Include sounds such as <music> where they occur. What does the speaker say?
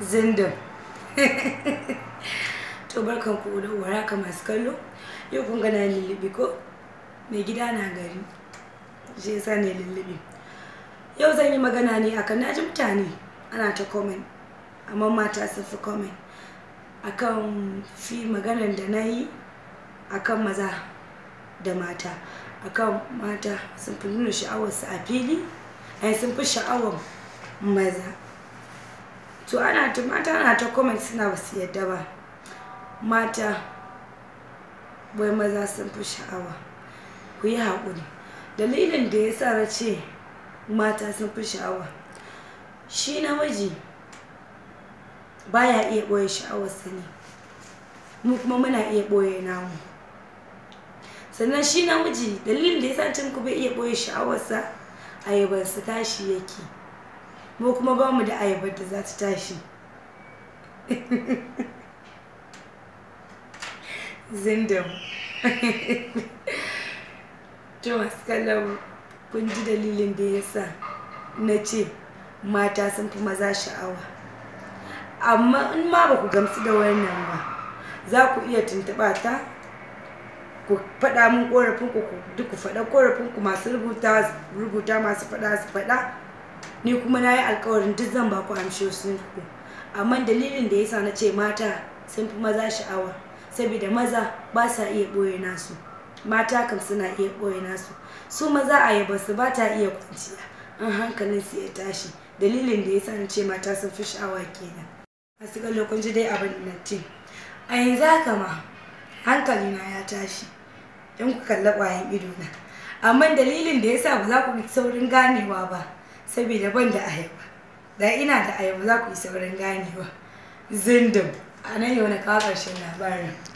zindin <laughs> to barkan ku da waraka masu kallo yau kun gana lullubi ko mai gida na gari shi yasa ne lullubi yau zan yi magana ne akan naji mutane ana ta comment amma mata sun fi comment akan fi maganar da na yi akan maza da mata akan mata sun fi nuna sha'awarsu a fili ai sun fi sha'awar maza to ana ta mata ana ta comment suna basu yadda ba mata wai maza sun fi sha'awa ku yi haƙuri dalilin da ya sa na ce mata sun fi sha'awa shi namiji baya iya ɓoye sha'awarsa ne mu kuma muna iya ɓoye namu sannan shi namiji dalilin da ya sa cin ku bai iya ɓoye sha'awarsa a yabansu tashi yake mu kuma ba mu da ayyabar da za ta tashi zindam to masu kun ji dalilin da ya sa na ce mata sun fi maza sha'awa amma in ma ba ku gamsu da wannan ba za ku iya tuntuɓa ta ku faɗa min ƙorafinku ku duk ku faɗa ƙorafinku masu rubuta masu faɗa su faɗa ni kuma na yi alkawarin duk zan ba ku amshoshin ku amma dalilin da yasa na ce mata sun fi maza sha'awa saboda maza ba sa iya ɓoye nasu mata kan suna iya ɓoye nasu su maza a yaba su ba ta iya kwanciya an hankalin su ya tashi dalilin da yasa na ce mata sun fi sha'awa kenan a cikin lokacin dai abin da ce a yanzu haka ma hankali na ya tashi in ku kalla ƙwayan ido na amma dalilin da yasa ba za ku saurin ganewa ba saboda ban da ayaba da ina da ayaba za ku yi saurin ganewa zindin a nan yau na kawo ƙarshen labarin